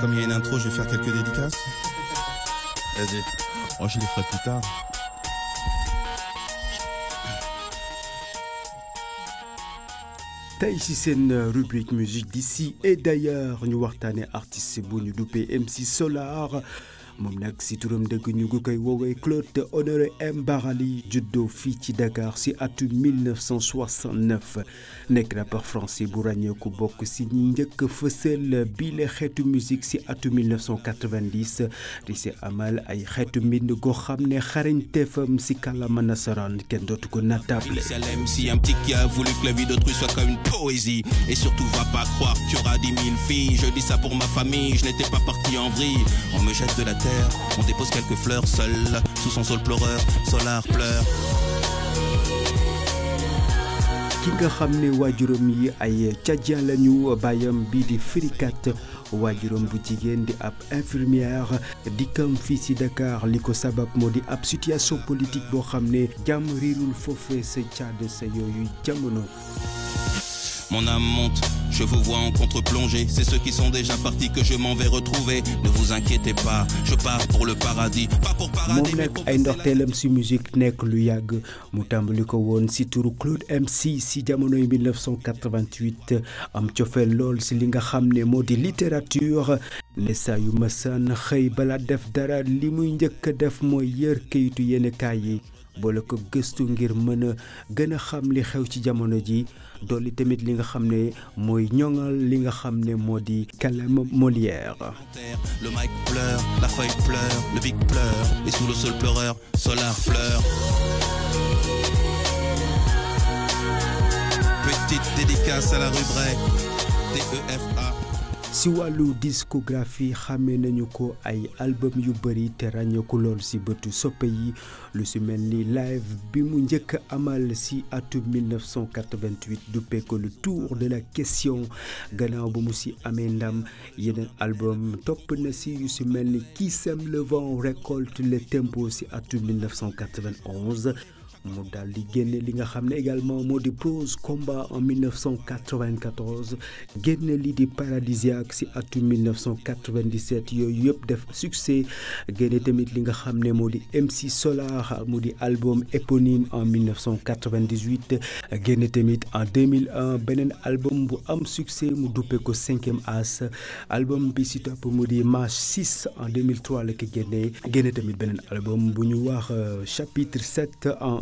comme une intro, je vais quelques dédicaces. Vas-y. Moi oh, ci seen euh, rubrique musique d'ici et d'ailleurs ñu waxtaanee artiste bu ñu duppee Solar moom nag si turam dëgg ñu ngi koy woowee Claude Honoré Mbarali juddoo fii ci Dakar si atu 1969 nekk rappeur français bu ràññeeku bokk si ñi njëkk fësal bile xeetu musique si atu 1990 di si amal ay xeetu mbind goo xam ne xarañteefam si kàllaama nasaraan kenn dootu ko natable. un petit qui a voulu que la soit comme une poésie. Et surtout, va pas croire qu'il y dix mille filles. Je dis ça pour ma famille, je n'étais pas parti en vrille. On me jette de la tête. terre. On dépose quelques ki nga xam ne waajuram yi ay Tchadien lañu bàyyam bii di firikat waajuram bu jigéen di ab infirmière dikkam fii ci Dakar li ko sabab moo di ab situation politique boo xam ne jàmm riirul foofe sa caad sa yooyu jamono. Mon âme monte, je vous vois en contre-plongée. C'est ceux qui sont déjà partis que je m'en vais retrouver. Ne vous inquiétez pas, je pars pour le paradis. moom nag ay ndorteelam si musique nekk lu yàgg mu tàmbali ko woon si turu Claude MC si jamonoy 1988 am cofeel lool si li nga xam ne moo di littérature. ne saa yu ma saan xëy balaa def dara li muy njëkk a def mooy yër kayitu yenn kaay yi. boole ko gëstu ngir mën a gën a xam li xew ci jamono ji dolli tamit li nga xam ne mooy ñoŋal li nga xam ne moo di kàllaama Molière. Le mic pleure, la feuille pleure, le bic pleure, et sous le sol Solar pleure. Petite dédicace à la rubrique TEF. si wàllu discographie xamee nañu ko ay albëm yu bëri te ràññeeku lool ci bëtu soppe yi lu si mel ni live bi mu njëkk amal si atum 1988 duppee ko le tour de la question gannaaw ba mu ci amee ndam yeneen album topp na si yu si mel ni qui sème le vent récolte le tempo si atum 1991 mu daal di génne li nga xam ne également moo di Prose Combat en 1994 génne li di Paradisiaque si atum 1997 yooyu yëpp def succès génne tamit li nga xam ne moo di MC Solar mu di album éponyme en 1998 génne tamit en beneen album bu am succès mu duppe ko cinquième as album bi si topp mu di Marche 6 en 2003 la ko génne génne tamit beneen album bu ñu wax euh, chapitre 7 en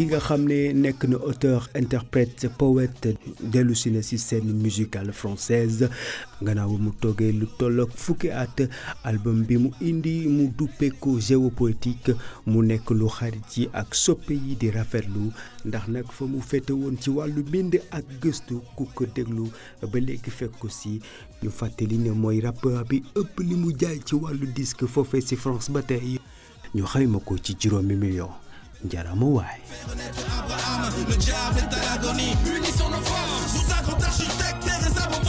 ki nga xam ne nekk na auteur interprète poète dellu si na ci scène musicale française gannaaw mu toogee lu tolloog fukki at album bi mu indi mu duppee ko géopolitique mu nekk lu xarit yi ak soppe yi di rafetlu ndax nag fa mu féete woon ci wàllu mbind ak gëstu ku ko déglu ba léegi fekk ko si ñu fàttali ne mooy rappeur bi ëpp li mu jaay ci wàllu disque foofee ci France ba tey ñu xayma ko ci juróomi million njaraama waay unissons nos forces, nous architectes et